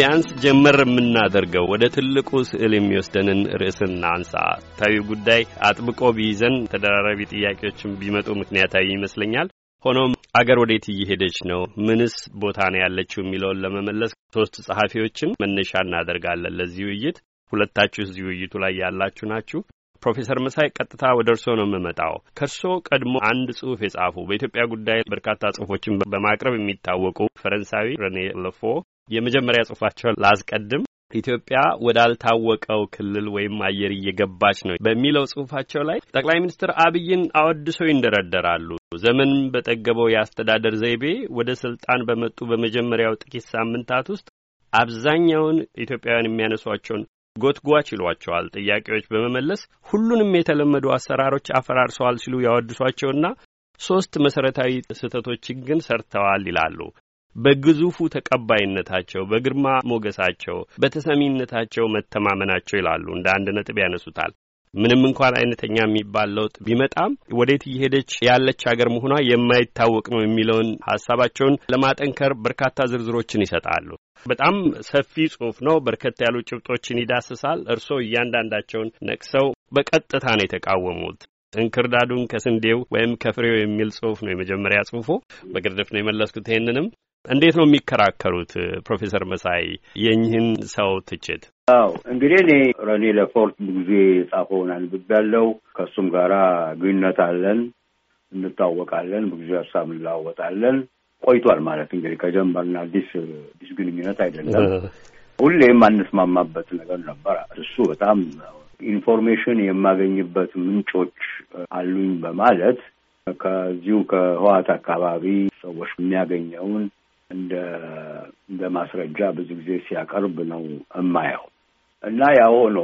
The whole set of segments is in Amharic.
ቢያንስ ጀመር የምናደርገው ወደ ትልቁ ስዕል የሚወስደንን ርዕስ እናንሳ። ታዊ ጉዳይ አጥብቆ ቢይዘን ተደራራቢ ጥያቄዎችን ቢመጡ ምክንያታዊ ይመስለኛል። ሆኖም አገር ወዴት እየሄደች ነው? ምንስ ቦታ ነው ያለችው? የሚለውን ለመመለስ ሶስት ጸሐፊዎችን መነሻ እናደርጋለን ለዚህ ውይይት። ሁለታችሁ እዚህ ውይይቱ ላይ ያላችሁ ናችሁ። ፕሮፌሰር መሳይ ቀጥታ ወደ እርስዎ ነው የምመጣው። ከእርስዎ ቀድሞ አንድ ጽሑፍ የጻፉ በኢትዮጵያ ጉዳይ በርካታ ጽሑፎችን በማቅረብ የሚታወቁ ፈረንሳዊ ረኔ ለፎ የመጀመሪያ ጽሁፋቸውን ላስቀድም። ኢትዮጵያ ወዳልታወቀው ክልል ወይም አየር እየገባች ነው በሚለው ጽሁፋቸው ላይ ጠቅላይ ሚኒስትር አብይን አወድሶ ይንደረደራሉ። ዘመን በጠገበው የአስተዳደር ዘይቤ ወደ ስልጣን በመጡ በመጀመሪያው ጥቂት ሳምንታት ውስጥ አብዛኛውን ኢትዮጵያውያን የሚያነሷቸውን ጎትጓች ይሏቸዋል ጥያቄዎች በመመለስ ሁሉንም የተለመዱ አሰራሮች አፈራርሰዋል ሲሉ ያወድሷቸውና ሶስት መሰረታዊ ስህተቶችን ግን ሰርተዋል ይላሉ። በግዙፉ ተቀባይነታቸው፣ በግርማ ሞገሳቸው፣ በተሰሚነታቸው መተማመናቸው ይላሉ። እንደ አንድ ነጥብ ያነሱታል። ምንም እንኳን አይነተኛ የሚባል ለውጥ ቢመጣም ወዴት እየሄደች ያለች አገር መሆኗ የማይታወቅ ነው የሚለውን ሀሳባቸውን ለማጠንከር በርካታ ዝርዝሮችን ይሰጣሉ። በጣም ሰፊ ጽሁፍ ነው። በርከት ያሉ ጭብጦችን ይዳስሳል። እርስዎ እያንዳንዳቸውን ነቅሰው በቀጥታ ነው የተቃወሙት። እንክርዳዱን ከስንዴው ወይም ከፍሬው የሚል ጽሁፍ ነው የመጀመሪያ ጽሁፎ። በግርድፍ ነው የመለስኩት ይህንንም እንዴት ነው የሚከራከሩት? ፕሮፌሰር መሳይ የኝህን ሰው ትችት። አዎ እንግዲህ እኔ ረኔ ለፎርት ብዙ ጊዜ አንብብ ያለው ከእሱም ጋር ግንኙነት አለን፣ እንታወቃለን፣ ብዙ ጊዜ ሀሳብ እንለዋወጣለን። ቆይቷል ማለት እንግዲህ ከጀመርን አዲስ አዲስ ግንኙነት አይደለም። ሁሌም አንስማማበት ነገር ነበር። እሱ በጣም ኢንፎርሜሽን የማገኝበት ምንጮች አሉኝ በማለት ከዚሁ ከህዋት አካባቢ ሰዎች የሚያገኘውን እንደ እንደ ማስረጃ ብዙ ጊዜ ሲያቀርብ ነው የማየው እና ያ ሆኖ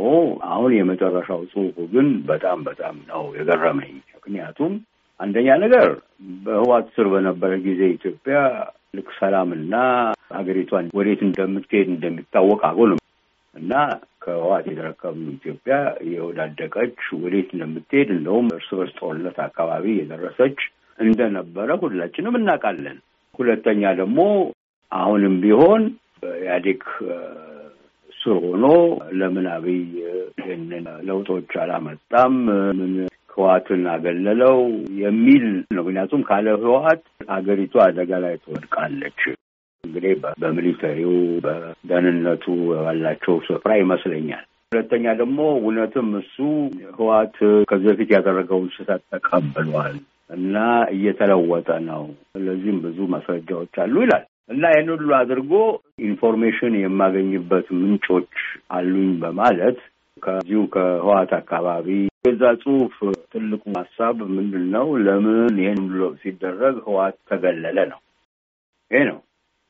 አሁን የመጨረሻው ጽሁፉ ግን በጣም በጣም ነው የገረመኝ። ምክንያቱም አንደኛ ነገር በህዋት ስር በነበረ ጊዜ ኢትዮጵያ ልክ ሰላምና ሀገሪቷን ወዴት እንደምትሄድ እንደሚታወቅ አጎንም እና ከህዋት የተረከብነው ኢትዮጵያ የወዳደቀች ወዴት እንደምትሄድ እንደውም እርስ በርስ ጦርነት አካባቢ የደረሰች እንደነበረ ሁላችንም እናውቃለን። ሁለተኛ ደግሞ አሁንም ቢሆን ኢህአዴግ ስር ሆኖ ለምን አብይ ይህንን ለውጦች አላመጣም? ምን ህወሓትን አገለለው የሚል ነው። ምክንያቱም ካለ ህወሓት ሀገሪቱ አደጋ ላይ ትወድቃለች። እንግዲህ በሚሊተሪው በደህንነቱ ባላቸው ስፍራ ይመስለኛል። ሁለተኛ ደግሞ እውነትም እሱ ህወሓት ከዚህ በፊት ያደረገውን ስህተት ተቀብሏል። እና እየተለወጠ ነው። ስለዚህም ብዙ ማስረጃዎች አሉ ይላል እና ይህን ሁሉ አድርጎ ኢንፎርሜሽን የማገኝበት ምንጮች አሉኝ በማለት ከዚሁ ከህዋት አካባቢ የዛ ጽሁፍ ትልቁ ሀሳብ ምንድን ነው? ለምን ይህን ብሎ ሲደረግ ህዋት ተገለለ ነው። ይሄ ነው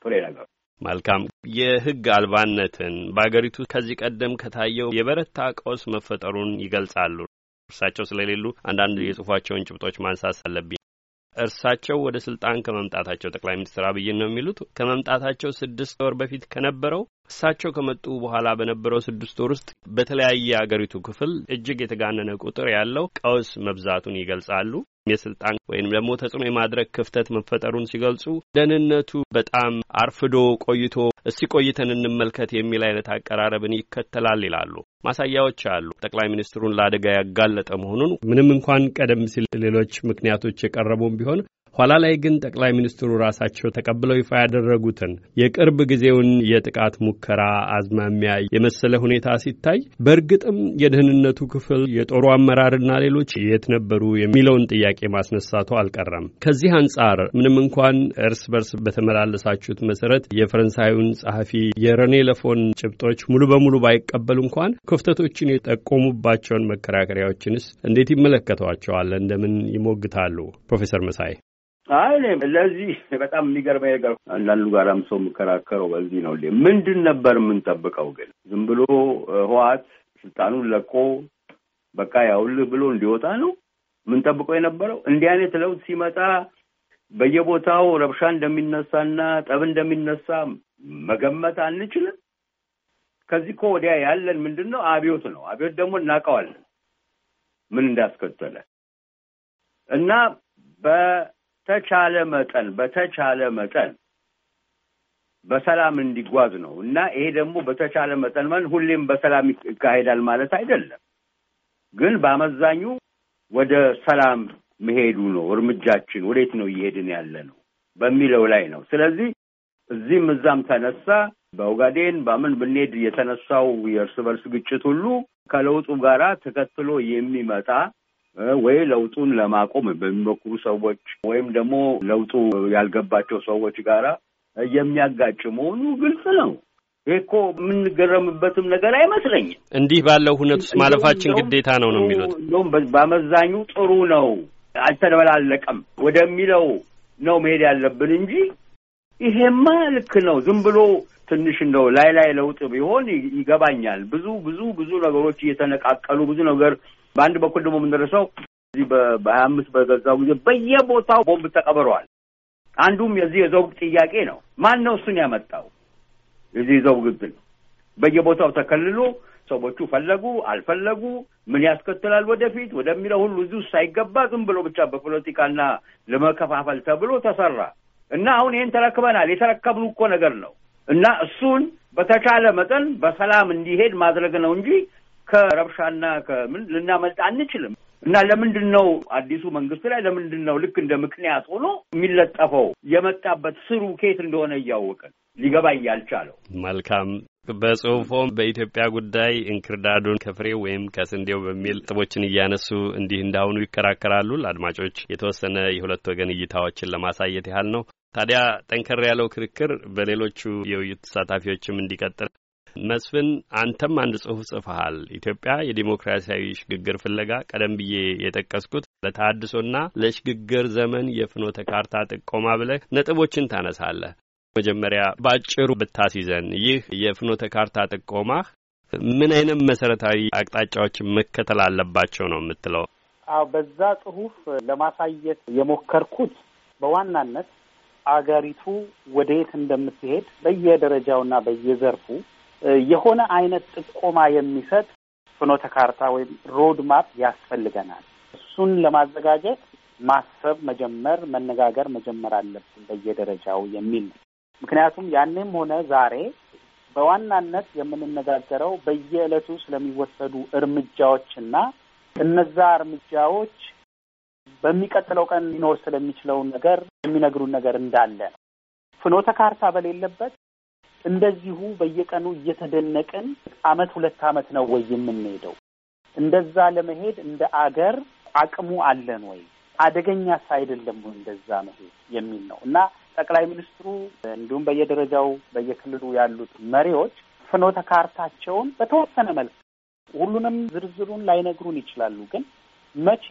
ፍሬ ነገር። መልካም የህግ አልባነትን በአገሪቱ ከዚህ ቀደም ከታየው የበረታ ቀውስ መፈጠሩን ይገልጻሉ እርሳቸው ስለሌሉ አንዳንድ የጽሁፏቸውን ጭብጦች ማንሳት አለብኝ። እርሳቸው ወደ ስልጣን ከመምጣታቸው ጠቅላይ ሚኒስትር አብይን ነው የሚሉት ከመምጣታቸው ስድስት ወር በፊት ከነበረው እሳቸው ከመጡ በኋላ በነበረው ስድስት ወር ውስጥ በተለያየ አገሪቱ ክፍል እጅግ የተጋነነ ቁጥር ያለው ቀውስ መብዛቱን ይገልጻሉ። የስልጣን ወይም ደግሞ ተጽዕኖ የማድረግ ክፍተት መፈጠሩን ሲገልጹ ደህንነቱ በጣም አርፍዶ ቆይቶ እስቲ ቆይተን እንመልከት የሚል አይነት አቀራረብን ይከተላል ይላሉ። ማሳያዎች አሉ። ጠቅላይ ሚኒስትሩን ለአደጋ ያጋለጠ መሆኑን ምንም እንኳን ቀደም ሲል ሌሎች ምክንያቶች የቀረቡም ቢሆን ኋላ ላይ ግን ጠቅላይ ሚኒስትሩ ራሳቸው ተቀብለው ይፋ ያደረጉትን የቅርብ ጊዜውን የጥቃት ሙከራ አዝማሚያ የመሰለ ሁኔታ ሲታይ በእርግጥም የደህንነቱ ክፍል የጦሩ አመራርና ሌሎች የት ነበሩ የሚለውን ጥያቄ ማስነሳቱ አልቀረም። ከዚህ አንጻር ምንም እንኳን እርስ በርስ በተመላለሳችሁት መሰረት የፈረንሳዩን ጸሐፊ የረኔ ለፎን ጭብጦች ሙሉ በሙሉ ባይቀበሉ እንኳን ክፍተቶችን የጠቆሙባቸውን መከራከሪያዎችንስ እንዴት ይመለከተዋቸዋል? እንደምን ይሞግታሉ? ፕሮፌሰር መሳይ አይ ለዚህ በጣም የሚገርመኝ ነገር አንዳንዱ ጋራም ሰው የምከራከረው በዚህ ነው። ምንድን ነበር የምንጠብቀው? ግን ዝም ብሎ ህወሓት ስልጣኑን ለቆ በቃ ያውልህ ብሎ እንዲወጣ ነው የምንጠብቀው የነበረው? እንዲህ አይነት ለውጥ ሲመጣ በየቦታው ረብሻ እንደሚነሳና ጠብ እንደሚነሳ መገመት አንችልም። ከዚህ እኮ ወዲያ ያለን ምንድን ነው? አብዮት ነው። አብዮት ደግሞ እናውቀዋለን ምን እንዳስከተለ እና በተቻለ መጠን በተቻለ መጠን በሰላም እንዲጓዝ ነው እና ይሄ ደግሞ በተቻለ መጠን ማለት ሁሌም በሰላም ይካሄዳል ማለት አይደለም፣ ግን በአመዛኙ ወደ ሰላም መሄዱ ነው እርምጃችን። ወዴት ነው እየሄድን ያለ ነው በሚለው ላይ ነው። ስለዚህ እዚህም እዛም ተነሳ በኦጋዴን በምን ብንሄድ የተነሳው የእርስ በርስ ግጭት ሁሉ ከለውጡ ጋራ ተከትሎ የሚመጣ ወይ ለውጡን ለማቆም በሚሞክሩ ሰዎች ወይም ደግሞ ለውጡ ያልገባቸው ሰዎች ጋራ የሚያጋጭ መሆኑ ግልጽ ነው። ይህ እኮ የምንገረምበትም ነገር አይመስለኝም። እንዲህ ባለው ሁነት ውስጥ ማለፋችን ግዴታ ነው ነው የሚሉት እንዲሁም በአመዛኙ ጥሩ ነው አልተደበላለቀም ወደሚለው ነው መሄድ ያለብን እንጂ ይሄማ ልክ ነው ዝም ብሎ ትንሽ እንደው ላይ ላይ ለውጥ ቢሆን ይገባኛል። ብዙ ብዙ ብዙ ነገሮች እየተነቃቀሉ ብዙ ነገር በአንድ በኩል ደግሞ የምንደርሰው እዚህ በሀያ አምስት በገዛው ጊዜ በየቦታው ቦምብ ተቀብረዋል። አንዱም የዚህ የዘውግ ጥያቄ ነው። ማን ነው እሱን ያመጣው? የዚህ የዘውግ ግድል በየቦታው ተከልሎ ሰዎቹ ፈለጉ አልፈለጉ ምን ያስከትላል ወደፊት ወደሚለው ሁሉ እዚህ ውስጥ ሳይገባ ዝም ብሎ ብቻ በፖለቲካና ለመከፋፈል ተብሎ ተሰራ እና አሁን ይህን ተረክበናል። የተረከብን እኮ ነገር ነው እና እሱን በተቻለ መጠን በሰላም እንዲሄድ ማድረግ ነው እንጂ ከረብሻና ከምን ልናመልጥ አንችልም። እና ለምንድን ነው አዲሱ መንግስት ላይ ለምንድን ነው ልክ እንደ ምክንያት ሆኖ የሚለጠፈው የመጣበት ስሩ ኬት እንደሆነ እያወቅን ሊገባ እያልቻለው? መልካም በጽሁፎም በኢትዮጵያ ጉዳይ እንክርዳዱን ከፍሬው ወይም ከስንዴው በሚል ጥቦችን እያነሱ እንዲህ እንዳሁኑ ይከራከራሉ። ለአድማጮች የተወሰነ የሁለት ወገን እይታዎችን ለማሳየት ያህል ነው። ታዲያ ጠንከር ያለው ክርክር በሌሎቹ የውይይት ተሳታፊዎችም እንዲቀጥል መስፍን አንተም አንድ ጽሁፍ ጽፈሃል። ኢትዮጵያ የዲሞክራሲያዊ ሽግግር ፍለጋ ቀደም ብዬ የጠቀስኩት ለታድሶና ለሽግግር ዘመን የፍኖተ ካርታ ጥቆማ ብለህ ነጥቦችን ታነሳለህ። መጀመሪያ ባጭሩ ብታስይዘን ይህ የፍኖተ ካርታ ጥቆማ ምን አይነት መሰረታዊ አቅጣጫዎችን መከተል አለባቸው ነው የምትለው? አዎ በዛ ጽሁፍ ለማሳየት የሞከርኩት በዋናነት አገሪቱ ወደየት እንደምትሄድ በየደረጃውና በየዘርፉ የሆነ አይነት ጥቆማ የሚሰጥ ፍኖተ ካርታ ወይም ሮድ ማፕ ያስፈልገናል። እሱን ለማዘጋጀት ማሰብ መጀመር፣ መነጋገር መጀመር አለብን በየደረጃው የሚል ነው። ምክንያቱም ያኔም ሆነ ዛሬ በዋናነት የምንነጋገረው በየዕለቱ ስለሚወሰዱ እርምጃዎችና እነዛ እርምጃዎች በሚቀጥለው ቀን ሊኖር ስለሚችለውን ነገር የሚነግሩን ነገር እንዳለ ነው። ፍኖተ ካርታ በሌለበት እንደዚሁ በየቀኑ እየተደነቅን አመት ሁለት አመት ነው ወይ የምንሄደው? እንደዛ ለመሄድ እንደ አገር አቅሙ አለን ወይ? አደገኛስ አይደለም ወይ እንደዛ መሄድ የሚል ነው እና ጠቅላይ ሚኒስትሩ እንዲሁም በየደረጃው በየክልሉ ያሉት መሪዎች ፍኖተ ካርታቸውን በተወሰነ መልክ ሁሉንም ዝርዝሩን ላይነግሩን ይችላሉ። ግን መቼ፣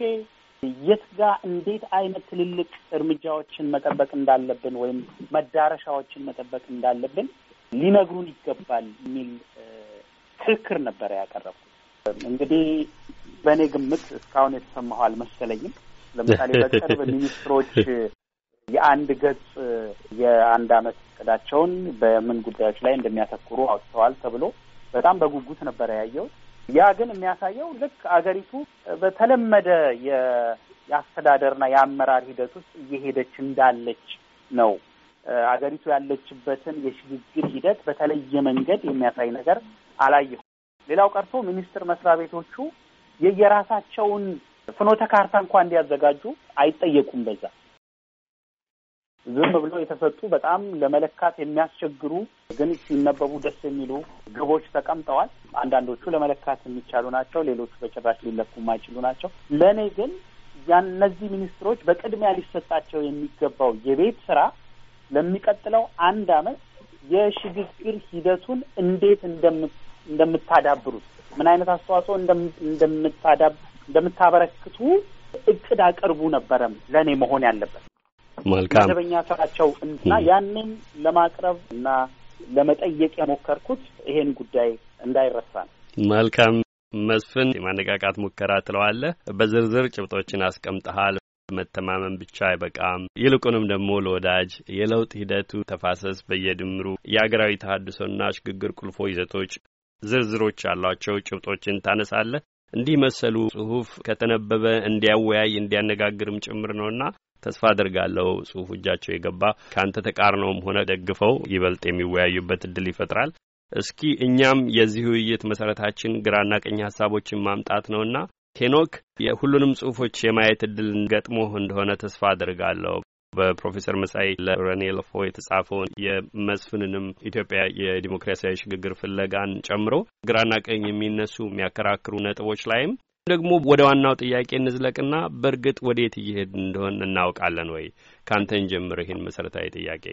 የት ጋ እንዴት አይነት ትልልቅ እርምጃዎችን መጠበቅ እንዳለብን ወይም መዳረሻዎችን መጠበቅ እንዳለብን ሊነግሩን ይገባል የሚል ክርክር ነበረ ያቀረብኩት። እንግዲህ በእኔ ግምት እስካሁን የተሰማሁ አልመሰለኝም። ለምሳሌ በቅርብ ሚኒስትሮች የአንድ ገጽ የአንድ ዓመት እቅዳቸውን በምን ጉዳዮች ላይ እንደሚያተኩሩ አውጥተዋል ተብሎ በጣም በጉጉት ነበረ ያየው። ያ ግን የሚያሳየው ልክ አገሪቱ በተለመደ የአስተዳደርና የአመራር ሂደት ውስጥ እየሄደች እንዳለች ነው አገሪቱ ያለችበትን የሽግግር ሂደት በተለየ መንገድ የሚያሳይ ነገር አላየሁም። ሌላው ቀርቶ ሚኒስቴር መስሪያ ቤቶቹ የየራሳቸውን ፍኖተ ካርታ እንኳ እንዲያዘጋጁ አይጠየቁም። በዛ ዝም ብሎ የተሰጡ በጣም ለመለካት የሚያስቸግሩ ግን ሲነበቡ ደስ የሚሉ ግቦች ተቀምጠዋል። አንዳንዶቹ ለመለካት የሚቻሉ ናቸው፣ ሌሎቹ በጭራሽ ሊለኩ የማይችሉ ናቸው። ለእኔ ግን እነዚህ ሚኒስትሮች በቅድሚያ ሊሰጣቸው የሚገባው የቤት ስራ ለሚቀጥለው አንድ አመት የሽግግር ሂደቱን እንዴት እንደምታዳብሩት ምን አይነት አስተዋጽኦ እንደምታበረክቱ እቅድ አቅርቡ ነበረም ለእኔ መሆን ያለበት መልካም መደበኛ ስራቸው እና ያንን ለማቅረብ እና ለመጠየቅ የሞከርኩት ይሄን ጉዳይ እንዳይረሳ ነው። መልካም መስፍን፣ የማነቃቃት ሙከራ ትለዋለህ። በዝርዝር ጭብጦችን አስቀምጠሃል። መተማመን ብቻ አይበቃም። ይልቁንም ደግሞ ለወዳጅ የለውጥ ሂደቱ ተፋሰስ በየድምሩ የአገራዊ ተሃድሶና ሽግግር ቁልፎ ይዘቶች ዝርዝሮች ያሏቸው ጭብጦችን ታነሳለህ። እንዲህ መሰሉ ጽሁፍ ከተነበበ እንዲያወያይ እንዲያነጋግርም ጭምር ነውና ተስፋ አድርጋለሁ ጽሁፍ እጃቸው የገባ ከአንተ ተቃርነውም ሆነ ደግፈው ይበልጥ የሚወያዩበት እድል ይፈጥራል። እስኪ እኛም የዚህ ውይይት መሰረታችን ግራና ቀኝ ሀሳቦችን ማምጣት ነውና ሄኖክ የሁሉንም ጽሁፎች የማየት እድል ገጥሞ እንደሆነ ተስፋ አድርጋለሁ። በፕሮፌሰር መሳይ ለረኔ ለፎ የተጻፈውን የመስፍንንም ኢትዮጵያ የዲሞክራሲያዊ ሽግግር ፍለጋን ጨምሮ ግራና ቀኝ የሚነሱ የሚያከራክሩ ነጥቦች ላይም ደግሞ ወደ ዋናው ጥያቄ እንዝለቅና በእርግጥ ወዴት እየሄድ እንደሆን እናውቃለን ወይ? ካንተን ጀምር ይህን መሰረታዊ ጥያቄ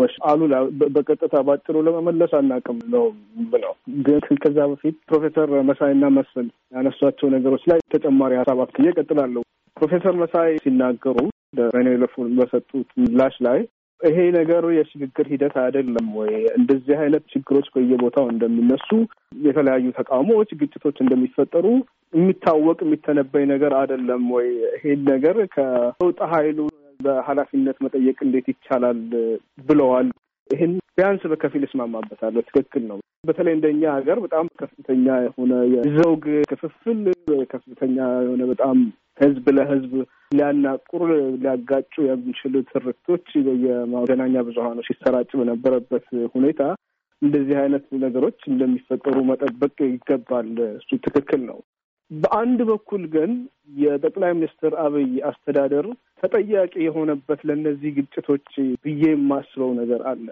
ወሽ አሉላ በቀጥታ ባጭሩ ለመመለስ አናቅም ነው ብለው ግን ከዛ በፊት ፕሮፌሰር መሳይና መሰል ያነሷቸው ነገሮች ላይ ተጨማሪ ሀሳብ አክዬ እቀጥላለሁ። ፕሮፌሰር መሳይ ሲናገሩ ሬኔለፎን በሰጡት ምላሽ ላይ ይሄ ነገር የሽግግር ሂደት አይደለም ወይ? እንደዚህ አይነት ችግሮች በየቦታው እንደሚነሱ፣ የተለያዩ ተቃውሞዎች፣ ግጭቶች እንደሚፈጠሩ የሚታወቅ የሚተነበይ ነገር አይደለም ወይ? ይሄን ነገር ከለውጥ ኃይሉ በኃላፊነት መጠየቅ እንዴት ይቻላል ብለዋል። ይህን ቢያንስ በከፊል እስማማበታለሁ። ትክክል ነው። በተለይ እንደኛ ሀገር በጣም ከፍተኛ የሆነ የዘውግ ክፍፍል፣ ከፍተኛ የሆነ በጣም ህዝብ ለህዝብ ሊያናቁር ሊያጋጩ የሚችሉ ትርክቶች የመገናኛ ብዙሀኑ ሲሰራጭ በነበረበት ሁኔታ እንደዚህ አይነት ነገሮች እንደሚፈጠሩ መጠበቅ ይገባል። እሱ ትክክል ነው። በአንድ በኩል ግን የጠቅላይ ሚኒስትር አብይ አስተዳደር ተጠያቂ የሆነበት ለእነዚህ ግጭቶች ብዬ የማስበው ነገር አለ።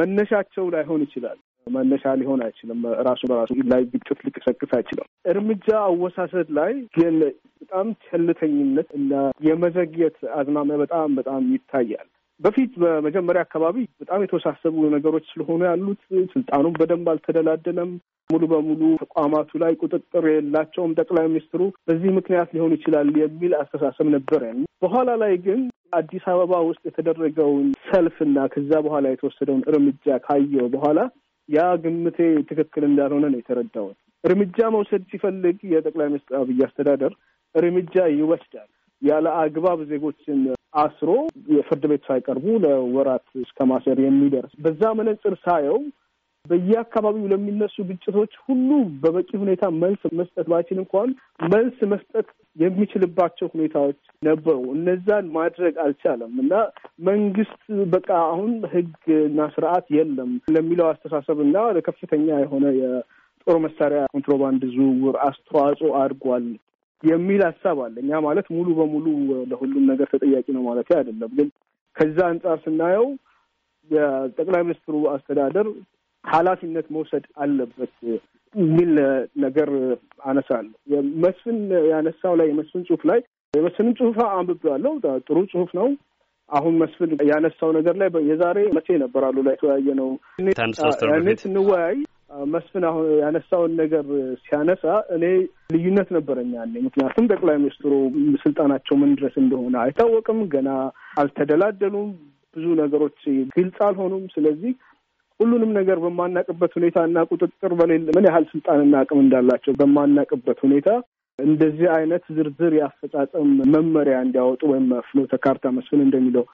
መነሻቸው ላይሆን ይችላል፣ መነሻ ሊሆን አይችልም። ራሱ በራሱ ላይ ግጭት ሊቀሰቅስ አይችልም። እርምጃ አወሳሰድ ላይ ግን በጣም ቸልተኝነት እና የመዘግየት አዝማሚያ በጣም በጣም ይታያል። በፊት በመጀመሪያ አካባቢ በጣም የተወሳሰቡ ነገሮች ስለሆኑ ያሉት ስልጣኑም በደንብ አልተደላደለም። ሙሉ በሙሉ ተቋማቱ ላይ ቁጥጥር የላቸውም ጠቅላይ ሚኒስትሩ። በዚህ ምክንያት ሊሆን ይችላል የሚል አስተሳሰብ ነበረ። በኋላ ላይ ግን አዲስ አበባ ውስጥ የተደረገውን ሰልፍና ከዛ በኋላ የተወሰደውን እርምጃ ካየው በኋላ ያ ግምቴ ትክክል እንዳልሆነ ነው የተረዳሁት። እርምጃ መውሰድ ሲፈልግ የጠቅላይ ሚኒስትር አብይ አስተዳደር እርምጃ ይወስዳል። ያለ አግባብ ዜጎችን አስሮ የፍርድ ቤት ሳይቀርቡ ለወራት እስከ ማሰር የሚደርስ በዛ መነጽር ሳየው በየአካባቢው ለሚነሱ ግጭቶች ሁሉ በበቂ ሁኔታ መልስ መስጠት ባይችል እንኳን መልስ መስጠት የሚችልባቸው ሁኔታዎች ነበሩ። እነዛን ማድረግ አልቻለም እና መንግስት በቃ አሁን ሕግና ስርዓት የለም ለሚለው አስተሳሰብ እና ለከፍተኛ የሆነ የጦር መሳሪያ ኮንትሮባንድ ዝውውር አስተዋጽኦ አድርጓል የሚል ሀሳብ አለ። እኛ ማለት ሙሉ በሙሉ ለሁሉም ነገር ተጠያቂ ነው ማለት አይደለም፣ ግን ከዛ አንጻር ስናየው የጠቅላይ ሚኒስትሩ አስተዳደር ኃላፊነት መውሰድ አለበት የሚል ነገር አነሳለሁ። መስፍን ያነሳው ላይ የመስፍን ጽሁፍ ላይ የመስፍንን ጽሁፍ አንብቤዋለሁ። ጥሩ ጽሁፍ ነው። አሁን መስፍን ያነሳው ነገር ላይ የዛሬ መቼ ነበር አሉ ላይ የተወያየ ነው ያኔ ስንወያይ መስፍን አሁን ያነሳውን ነገር ሲያነሳ እኔ ልዩነት ነበረኝ ያኔ። ምክንያቱም ጠቅላይ ሚኒስትሩ ስልጣናቸው ምን ድረስ እንደሆነ አይታወቅም፣ ገና አልተደላደሉም፣ ብዙ ነገሮች ግልጽ አልሆኑም። ስለዚህ ሁሉንም ነገር በማናቅበት ሁኔታ እና ቁጥጥር በሌለ ምን ያህል ስልጣንና አቅም እንዳላቸው በማናቅበት ሁኔታ እንደዚህ አይነት ዝርዝር የአፈጻጸም መመሪያ እንዲያወጡ ወይም ፍኖተ ካርታ መስፍን እንደሚለው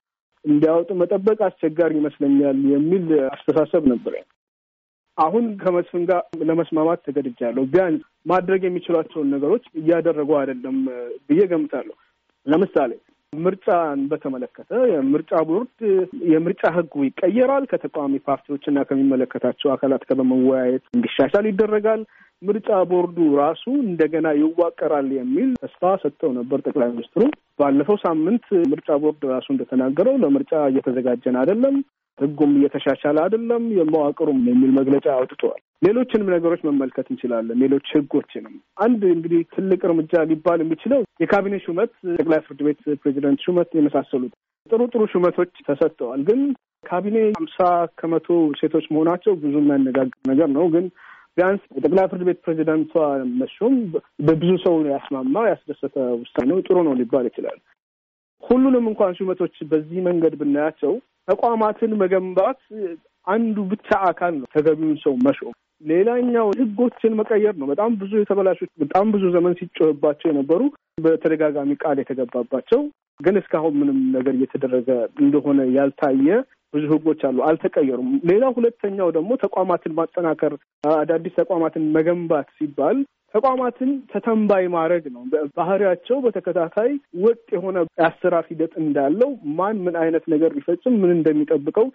እንዲያወጡ መጠበቅ አስቸጋሪ ይመስለኛል የሚል አስተሳሰብ ነበር። አሁን ከመስፍን ጋር ለመስማማት ተገድጃለሁ። ቢያንስ ማድረግ የሚችሏቸውን ነገሮች እያደረጉ አይደለም ብዬ ገምታለሁ። ለምሳሌ ምርጫን በተመለከተ የምርጫ ቦርድ የምርጫ ሕጉ ይቀየራል። ከተቃዋሚ ፓርቲዎች እና ከሚመለከታቸው አካላት ጋር በመወያየት እንዲሻሻል ይደረጋል። ምርጫ ቦርዱ ራሱ እንደገና ይዋቀራል የሚል ተስፋ ሰጥተው ነበር ጠቅላይ ሚኒስትሩ። ባለፈው ሳምንት ምርጫ ቦርድ ራሱ እንደተናገረው ለምርጫ እየተዘጋጀን አይደለም፣ ህጉም እየተሻሻለ አይደለም፣ የመዋቅሩም የሚል መግለጫ አውጥተዋል። ሌሎችንም ነገሮች መመልከት እንችላለን። ሌሎች ህጎችንም አንድ እንግዲህ ትልቅ እርምጃ ሊባል የሚችለው የካቢኔ ሹመት፣ ጠቅላይ ፍርድ ቤት ፕሬዚደንት ሹመት የመሳሰሉት ጥሩ ጥሩ ሹመቶች ተሰጥተዋል። ግን ካቢኔ ሀምሳ ከመቶ ሴቶች መሆናቸው ብዙ የሚያነጋግር ነገር ነው። ግን ቢያንስ የጠቅላይ ፍርድ ቤት ፕሬዚደንቷ መሾም በብዙ ሰው ያስማማ ያስደሰተ ውሳኔው ነው፣ ጥሩ ነው ሊባል ይችላል። ሁሉንም እንኳን ሹመቶች በዚህ መንገድ ብናያቸው ተቋማትን መገንባት አንዱ ብቻ አካል ነው። ተገቢውን ሰው መሾም ሌላኛው ህጎችን መቀየር ነው። በጣም ብዙ የተበላሾች በጣም ብዙ ዘመን ሲጮህባቸው የነበሩ በተደጋጋሚ ቃል የተገባባቸው ግን እስካሁን ምንም ነገር እየተደረገ እንደሆነ ያልታየ ብዙ ህጎች አሉ፣ አልተቀየሩም። ሌላው ሁለተኛው ደግሞ ተቋማትን ማጠናከር አዳዲስ ተቋማትን መገንባት ሲባል ተቋማትን ተተንባይ ማድረግ ነው። ባህሪያቸው በተከታታይ ወጥ የሆነ የአሰራር ሂደት እንዳለው ማን ምን አይነት ነገር ቢፈጽም ምን እንደሚጠብቀው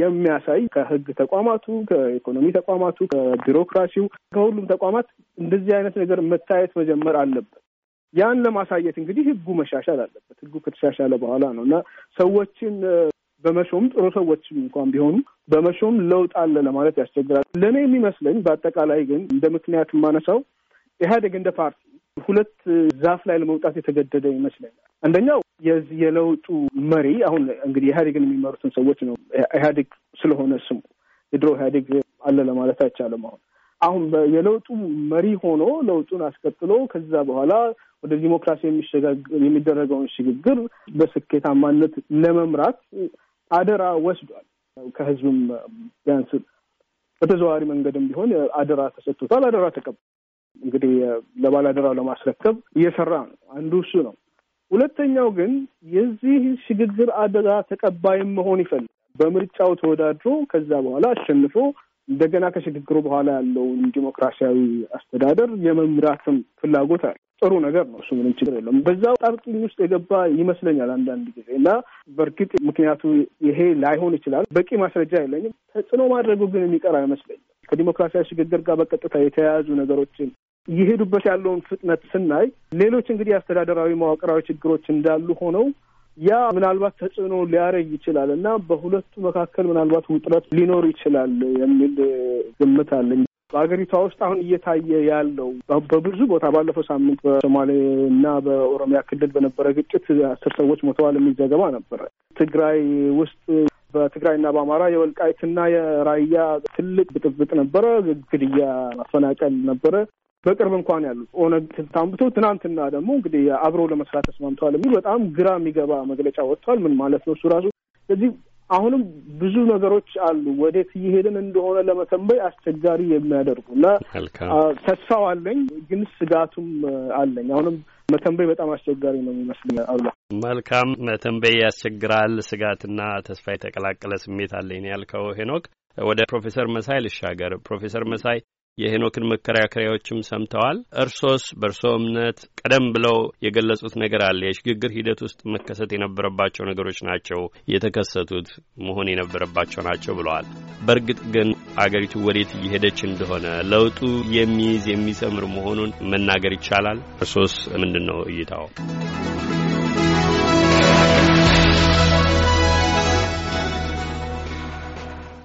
የሚያሳይ ከህግ ተቋማቱ፣ ከኢኮኖሚ ተቋማቱ፣ ከቢሮክራሲው፣ ከሁሉም ተቋማት እንደዚህ አይነት ነገር መታየት መጀመር አለበት። ያን ለማሳየት እንግዲህ ህጉ መሻሻል አለበት። ህጉ ከተሻሻለ በኋላ ነው እና ሰዎችን በመሾም ጥሩ ሰዎችም እንኳን ቢሆኑ በመሾም ለውጥ አለ ለማለት ያስቸግራል። ለእኔ የሚመስለኝ በአጠቃላይ ግን እንደ ምክንያት የማነሳው ኢህአዴግ እንደ ፓርቲ ሁለት ዛፍ ላይ ለመውጣት የተገደደ ይመስለኛል። አንደኛው የዚህ የለውጡ መሪ አሁን እንግዲህ ኢህአዴግን የሚመሩትን ሰዎች ነው። ኢህአዴግ ስለሆነ ስሙ የድሮ ኢህአዴግ አለ ለማለት አይቻልም። አሁን አሁን የለውጡ መሪ ሆኖ ለውጡን አስቀጥሎ ከዛ በኋላ ወደ ዲሞክራሲ የሚደረገውን ሽግግር በስኬታማነት ለመምራት አደራ ወስዷል። ከህዝብም ቢያንስ በተዘዋዋሪ መንገድም ቢሆን አደራ ተሰጥቶታል። አደራ ተቀብ እንግዲህ ለባለአደራው ለማስረከብ እየሰራ ነው። አንዱ እሱ ነው። ሁለተኛው ግን የዚህ ሽግግር አደራ ተቀባይም መሆን ይፈልጋል። በምርጫው ተወዳድሮ ከዛ በኋላ አሸንፎ እንደገና ከሽግግሩ በኋላ ያለውን ዲሞክራሲያዊ አስተዳደር የመምራትም ፍላጎት አለ። ጥሩ ነገር ነው። እሱ ምንም ችግር የለም። በዛው ጣብቅኝ ውስጥ የገባ ይመስለኛል አንዳንድ ጊዜ እና በእርግጥ ምክንያቱ ይሄ ላይሆን ይችላል። በቂ ማስረጃ የለኝም። ተጽዕኖ ማድረጉ ግን የሚቀር አይመስለኝም። ከዲሞክራሲያዊ ሽግግር ጋር በቀጥታ የተያያዙ ነገሮችን እየሄዱበት ያለውን ፍጥነት ስናይ ሌሎች እንግዲህ አስተዳደራዊ መዋቅራዊ ችግሮች እንዳሉ ሆነው ያ ምናልባት ተጽዕኖ ሊያረግ ይችላል እና በሁለቱ መካከል ምናልባት ውጥረት ሊኖር ይችላል የሚል ግምት አለኝ። በሀገሪቷ ውስጥ አሁን እየታየ ያለው በብዙ ቦታ ባለፈው ሳምንት በሶማሌ እና በኦሮሚያ ክልል በነበረ ግጭት አስር ሰዎች ሞተዋል የሚል ዘገባ ነበረ። ትግራይ ውስጥ በትግራይና በአማራ የወልቃይትና የራያ ትልቅ ብጥብጥ ነበረ። ግድያ፣ ማፈናቀል ነበረ። በቅርብ እንኳን ያሉት ኦነግ ታንብቶ ትናንትና ደግሞ እንግዲህ አብረው ለመስራት ተስማምተዋል የሚል በጣም ግራ የሚገባ መግለጫ ወጥቷል። ምን ማለት ነው እሱ ራሱ? ስለዚህ አሁንም ብዙ ነገሮች አሉ ወዴት እየሄድን እንደሆነ ለመተንበይ አስቸጋሪ የሚያደርጉ እና ተስፋው አለኝ፣ ግን ስጋቱም አለኝ። አሁንም መተንበይ በጣም አስቸጋሪ ነው የሚመስለኝ። አሉላ መልካም መተንበይ ያስቸግራል። ስጋትና ተስፋ የተቀላቀለ ስሜት አለኝ ያልከው ሄኖክ፣ ወደ ፕሮፌሰር መሳይ ልሻገር። ፕሮፌሰር መሳይ የሄኖክን መከራከሪያዎችም ሰምተዋል። እርሶስ በእርሶ እምነት ቀደም ብለው የገለጹት ነገር አለ። የሽግግር ሂደት ውስጥ መከሰት የነበረባቸው ነገሮች ናቸው የተከሰቱት መሆን የነበረባቸው ናቸው ብለዋል። በእርግጥ ግን አገሪቱ ወዴት እየሄደች እንደሆነ ለውጡ የሚይዝ የሚሰምር መሆኑን መናገር ይቻላል። እርሶስ ምንድን ነው እይታው?